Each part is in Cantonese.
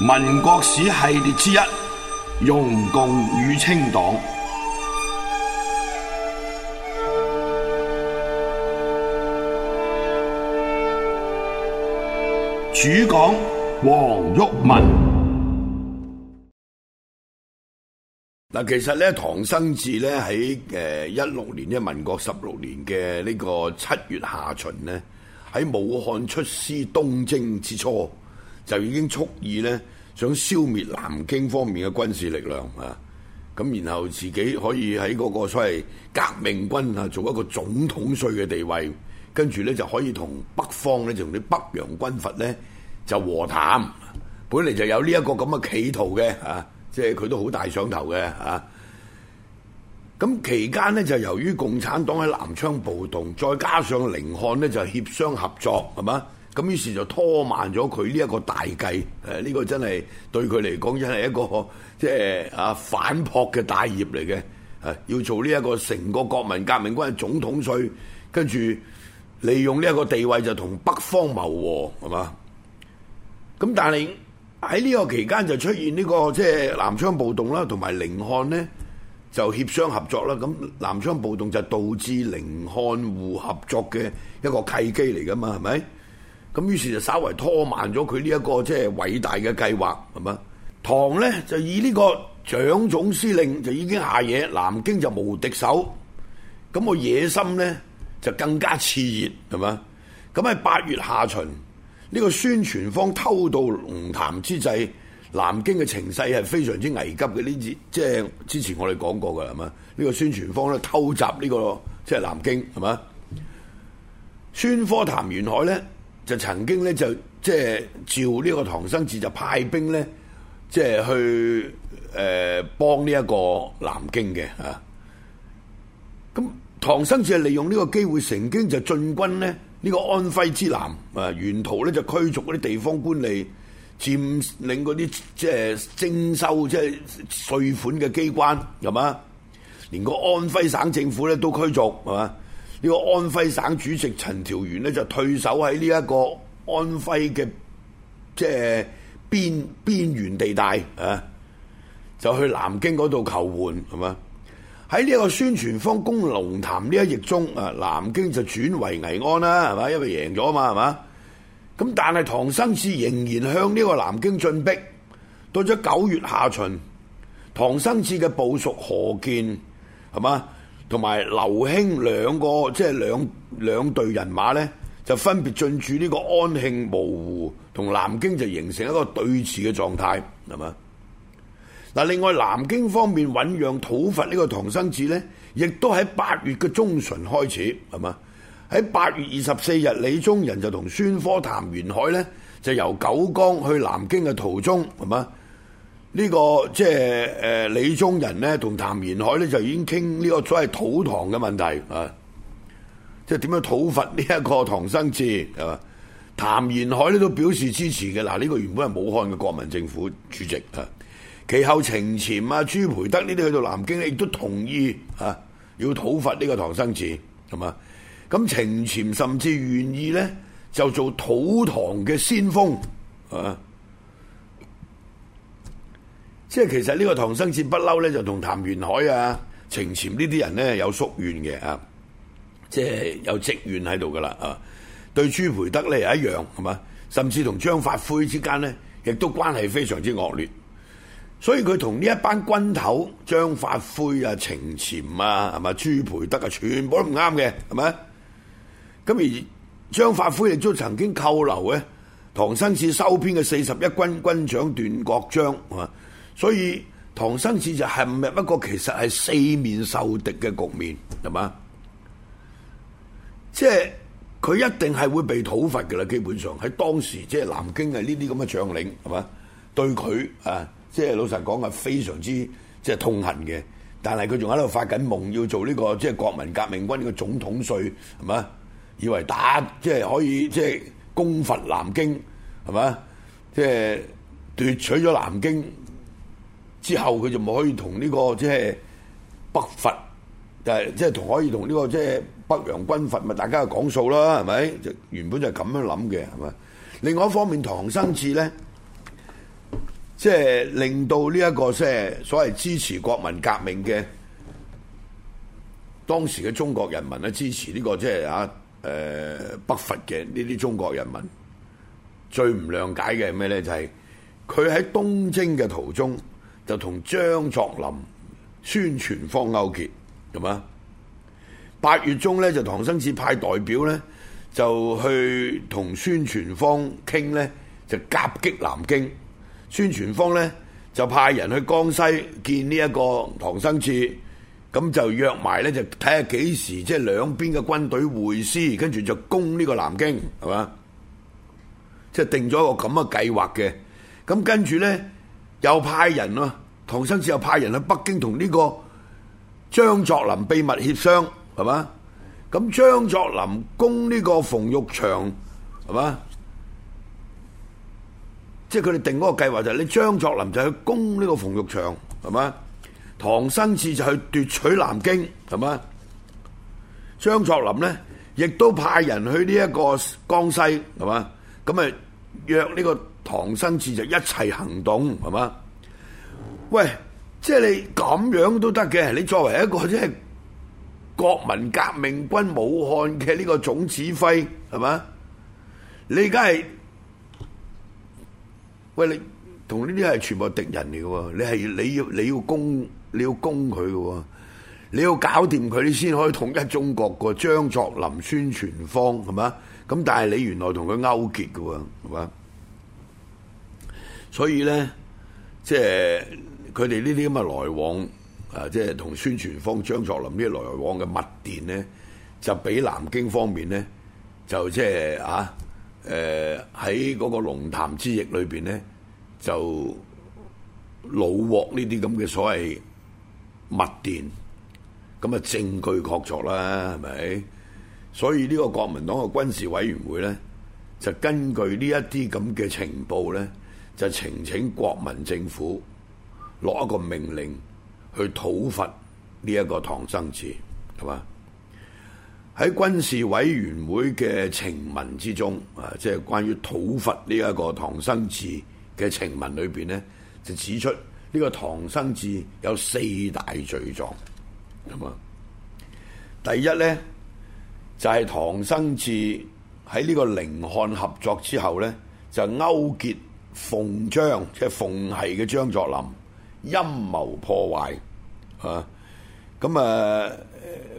民國史系列之一，容共與清黨，主講黃毓民。嗱，其實咧，唐生智咧喺誒一六年咧，民國十六年嘅呢個七月下旬咧，喺武漢出師東征之初就已經蓄意咧。想消滅南京方面嘅軍事力量啊，咁然後自己可以喺嗰個所謂革命軍啊，做一個總統帥嘅地位，跟住咧就可以同北方咧就同啲北洋軍閥咧就和談。本嚟就有呢一個咁嘅企圖嘅啊，即係佢都好大想頭嘅啊。咁期間呢，就由於共產黨喺南昌暴動，再加上寧漢呢，就協商合作，係嘛？咁於是就拖慢咗佢呢一個大計，誒、這、呢個真係對佢嚟講真係一個即係啊反撲嘅大業嚟嘅，誒要做呢一個成個國民革命軍嘅總統選，跟住利用呢一個地位就同北方謀和，係嘛？咁但係喺呢個期間就出現呢、這個即係、就是、南昌暴動啦，同埋寧漢呢就協商合作啦。咁南昌暴動就導致寧漢互合作嘅一個契機嚟㗎嘛，係咪？咁於是就稍微拖慢咗佢呢一個即係偉大嘅計劃，係嘛？唐咧就以呢個蔣總司令就已經下野，南京就無敵手。咁個野心咧就更加熾熱，係嘛？咁喺八月下旬，呢、這個孫傳芳偷渡龍潭之際，南京嘅情勢係非常之危急嘅。呢次即係之前我哋講過嘅係嘛？呢、這個孫傳芳咧偷襲呢、這個即係、就是、南京，係嘛？孫科談沿海咧。就曾經咧，就即係照呢個唐生智，就派兵咧，即係去誒幫呢一個南京嘅嚇。咁唐生智係利用呢個機會成京，就進軍咧呢個安徽之南啊，沿途咧就驅逐嗰啲地方官吏，佔領嗰啲即係徵收即係稅款嘅機關，係嘛？連個安徽省政府咧都驅逐，係嘛？呢個安徽省主席陳調元呢，就退守喺呢一個安徽嘅即係邊邊緣地帶啊，就去南京嗰度求援係嘛？喺呢一個孫傳芳攻龍潭呢一役中啊，南京就轉為危安啦係嘛，因為贏咗嘛係嘛。咁但係唐生智仍然向呢個南京進逼，到咗九月下旬，唐生智嘅部屬何鍵。係嘛？同埋劉興兩個即係兩兩隊人馬呢，就分別進駐呢個安慶、蕪湖同南京，就形成一個對峙嘅狀態，係嘛？嗱，另外南京方面醞釀討伐呢個唐生智呢，亦都喺八月嘅中旬開始，係嘛？喺八月二十四日，李宗仁就同孫科、譚延闓呢，就由九江去南京嘅途中，係嘛？呢、這個即係誒、呃，李宗仁呢，同譚延闓呢，就已經傾呢個所謂討唐嘅問題啊，即係點樣討伐呢一個唐生智係嘛？譚延闓呢都表示支持嘅。嗱，呢個原本係武漢嘅國民政府主席啊。其後程潛啊、朱培德呢啲去到南京，亦都同意啊，要討伐呢個唐生智係嘛？咁程潛甚至願意呢，就做討唐嘅先鋒啊。即係其實呢個唐生智不嬲咧，就同譚延闓啊、程潛呢啲人咧有宿怨嘅啊，即係有積怨喺度噶啦啊。對朱培德咧又一樣係嘛，甚至同張發奎之間咧亦都關係非常之惡劣。所以佢同呢一班軍頭張發奎啊、程潛啊、係嘛，朱培德啊，全部都唔啱嘅係嘛。咁而張發奎亦都曾經扣留咧唐生智收編嘅四十一軍軍長段國章啊。所以唐生智就陷入一個其實係四面受敵嘅局面，係嘛？即係佢一定係會被討伐嘅啦，基本上喺當時即係南京嘅呢啲咁嘅將領，係嘛？對佢啊，即係老實講係非常之即係痛恨嘅。但係佢仲喺度發緊夢，要做呢、這個即係國民革命軍呢個總統帥，係嘛？以為打即係可以即係攻伐南京，係嘛？即係奪取咗南京。之後佢就唔可以同呢、這個即係、就是、北伐，就係即係同可以同呢、這個即係、就是、北洋軍閥咪大家嘅講數啦，係咪？就原本就係咁樣諗嘅，係咪？另外一方面，唐生智咧，即、就、係、是、令到呢、這、一個即係所謂支持國民革命嘅當時嘅中國人民咧，支持呢、這個即係啊，誒、就是、北伐嘅呢啲中國人民，最唔諒解嘅係咩咧？就係佢喺東征嘅途中。就同張作霖、孫傳芳勾結，係嘛？八月中咧，就唐生智派代表咧，就去同孫傳芳傾咧，就夾擊南京。孫傳芳咧就派人去江西見呢一個唐生智，咁就約埋咧，就睇下幾時即係兩邊嘅軍隊會師，跟住就攻呢個南京，係嘛？即係定咗一個咁嘅計劃嘅。咁跟住咧。又派人咯，唐生智又派人去北京同呢個張作霖秘密協商，係嘛？咁張作霖攻呢個馮玉祥，係嘛？即係佢哋定嗰個計劃就係，你張作霖就去攻呢個馮玉祥，係嘛？唐生智就去奪取南京，係嘛？張作霖咧，亦都派人去呢一個江西，係嘛？咁咪約呢個。唐生智就一切行動，係嘛？喂，即係你咁樣都得嘅。你作為一個即係國民革命軍武漢嘅呢個總指揮，係嘛？你而家係，喂你同呢啲係全部敵人嚟嘅喎，你係你要你要攻你要攻佢嘅喎，你要搞掂佢，你先可以統一中國嘅喎。張作霖、孫傳芳係嘛？咁但係你原來同佢勾結嘅喎，係嘛？所以咧，即係佢哋呢啲咁嘅來往啊，即係同宣傳方張作霖呢啲來往嘅密電咧，就畀南京方面咧，就即係啊，誒喺嗰個龍潭之役裏邊咧，就老獲呢啲咁嘅所謂密電，咁啊證據確鑿啦，係咪？所以呢個國民黨嘅軍事委員會咧，就根據呢一啲咁嘅情報咧。就呈請，請國民政府攞一個命令去討伐呢一個唐生智，係嘛？喺軍事委員會嘅呈文之中，啊，即係關於討伐呢一個唐生智嘅呈文裏邊呢就指出呢個唐生智有四大罪狀，咁啊，第一呢，就係、是、唐生智喺呢個寧漢合作之後呢，就勾結。奉張即係奉系嘅張作霖陰謀破壞嚇，咁啊嗰、呃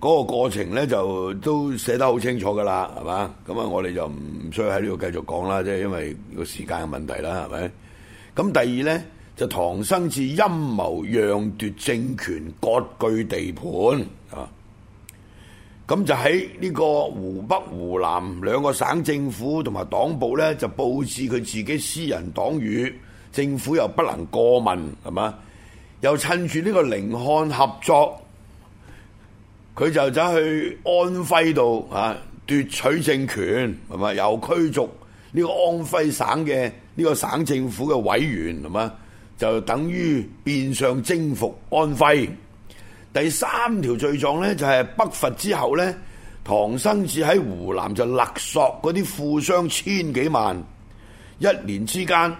嗰個過程咧就都寫得好清楚噶啦，係嘛？咁啊，我哋就唔需要喺呢度繼續講啦，即係因為個時間嘅問題啦，係咪？咁第二咧，就唐生智陰謀攘奪政權，割據地盤。咁就喺呢個湖北、湖南兩個省政府同埋黨部呢，就佈置佢自己私人黨羽，政府又不能過問，係嘛？又趁住呢個寧漢合作，佢就走去安徽度啊奪取政權，係嘛？又驅逐呢個安徽省嘅呢個省政府嘅委員，係嘛？就等於變相征服安徽。第三條罪狀咧，就係、是、北伐之後咧，唐生智喺湖南就勒索嗰啲富商千幾萬，一年之間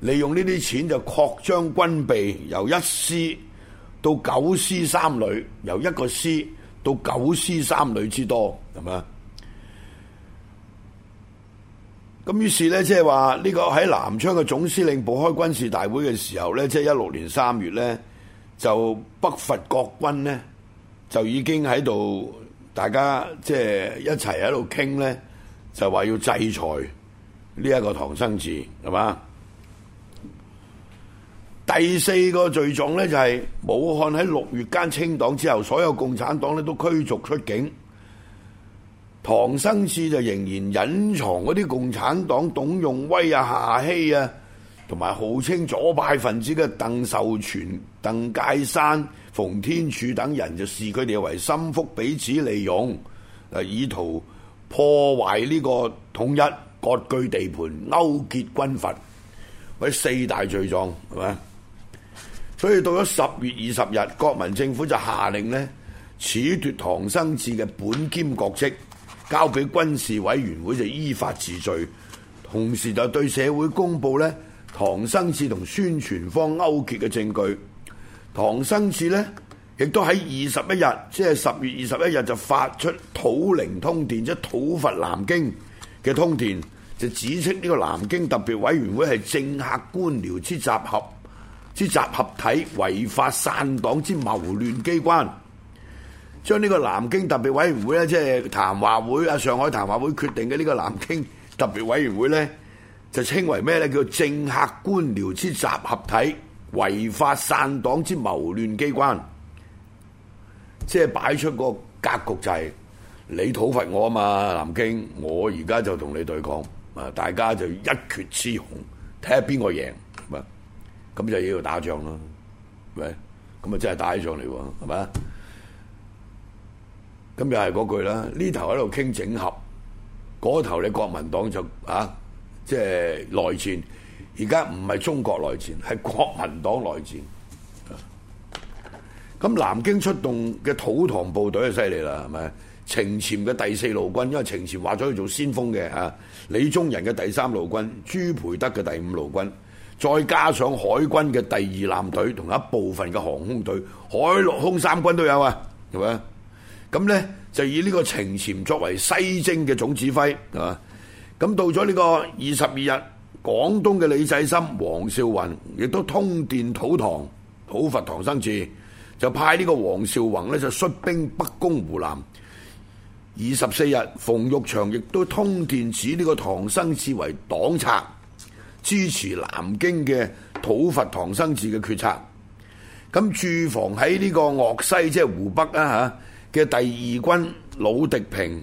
利用呢啲錢就擴張軍備，由一師到九師三旅，由一個師到九師三旅之多，係咪啊？咁於是呢，即係話呢個喺南昌嘅總司令部開軍事大會嘅時候呢，即係一六年三月呢。就北伐國軍呢，就已經喺度大家即係、就是、一齊喺度傾呢就話要制裁呢一個唐生智係嘛？第四個罪狀呢，就係、是、武漢喺六月間清黨之後，所有共產黨呢都驅逐出境，唐生智就仍然隱藏嗰啲共產黨董用威啊、夏曦啊，同埋號稱左派分子嘅鄧秀全。鄧界山、馮天柱等人就視佢哋為心腹彼此利用，嗱，以圖破壞呢個統一，割據地盤，勾結軍閥，咪四大罪狀係嘛？所以到咗十月二十日，國民政府就下令呢，褫奪唐生智嘅本兼國職，交俾軍事委員會就依法治罪，同時就對社會公布呢唐生智同孫傳芳勾結嘅證據。唐生智呢，亦都喺二十一日，即係十月二十一日就發出討寧通電，即係討伐南京嘅通電，就指出呢個南京特別委員會係政客官僚之集合之集合體、違法散黨之謀亂機關。將呢個南京特別委員會呢，即係談話會啊，上海談話會決定嘅呢個南京特別委員會呢，就稱為咩呢？叫政客官僚之集合體。違法散黨之謀亂機關，即係擺出個格局就係、是、你討伐我啊嘛，南京，我而家就同你對抗啊！大家就一決雌雄，睇下邊個贏啊！咁就喺度打仗啦，咪咁啊！真係打起上嚟喎，係咪啊？咁又係嗰句啦，呢頭喺度傾整合，嗰頭你國民黨就啊，即係內戰。而家唔係中國內戰，係國民黨內戰。咁南京出動嘅討唐部隊就犀利啦，係咪？程潛嘅第四路軍，因為程潛話咗要做先鋒嘅啊。李宗仁嘅第三路軍，朱培德嘅第五路軍，再加上海軍嘅第二艦隊同一部分嘅航空隊，海陸空三軍都有啊，係咪？咁呢，就以呢個程潛作為西征嘅總指揮，係嘛？咁到咗呢個二十二日。廣東嘅李濟深、黃紹竑亦都通電討唐，討伐唐生智，就派呢個黃紹竑咧就率兵北攻湖南。二十四日，馮玉祥亦都通電指呢個唐生智為黨賊，支持南京嘅討伐唐生智嘅決策。咁駐防喺呢個鄂西即係、就是、湖北啊嚇嘅第二軍魯滌平，誒、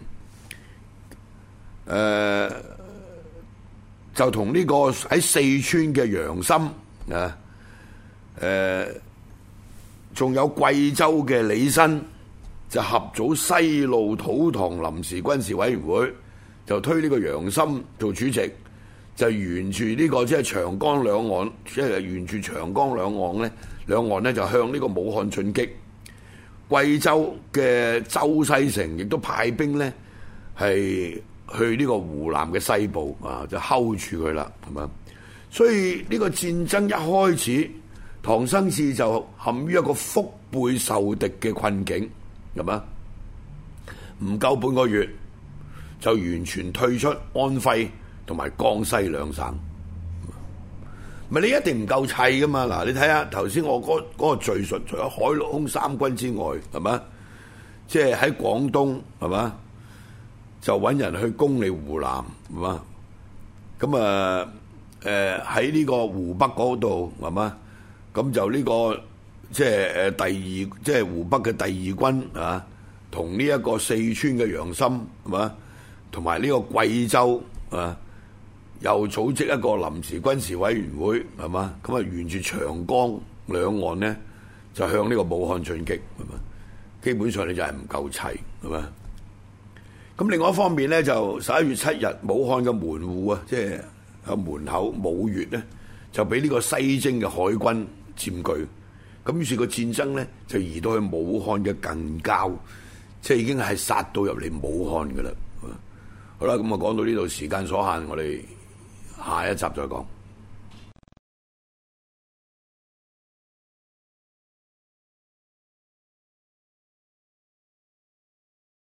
呃。就同呢個喺四川嘅楊森，啊，誒，仲有貴州嘅李新，就合組西路討唐臨時軍事委員會，就推呢個楊森做主席，就沿住呢個即係長江兩岸，即係沿住長江兩岸咧，兩岸呢就向呢個武漢進擊。貴州嘅周西成亦都派兵呢。係。去呢個湖南嘅西部啊，就睺住佢啦，係嘛？所以呢個戰爭一開始，唐生智就陷於一個腹背受敵嘅困境，係嘛？唔夠半個月就完全退出安徽同埋江西兩省，咪你一定唔夠砌噶嘛？嗱，你睇下頭先我嗰嗰個敘述，除咗海陸空三軍之外，係嘛？即係喺廣東，係嘛？就揾人去攻你湖南，係嘛？咁啊，誒喺呢個湖北嗰度，係嘛？咁就呢個即係誒第二，即係湖北嘅第二軍，啊，同呢一個四川嘅楊森，係嘛？同埋呢個貴州，啊，又組織一個臨時軍事委員會，係嘛？咁啊，沿住長江兩岸咧，就向呢個武漢進擊，係嘛？基本上你就係唔夠齊，係嘛？咁另外一方面咧，就十一月七日，武漢嘅門戶啊，即係個門口武穴咧，就俾呢個西征嘅海軍佔據。咁於是個戰爭咧，就移到去武漢嘅近郊，即係已經係殺到入嚟武漢噶啦。好啦，咁就講到呢度，時間所限，我哋下一集再講。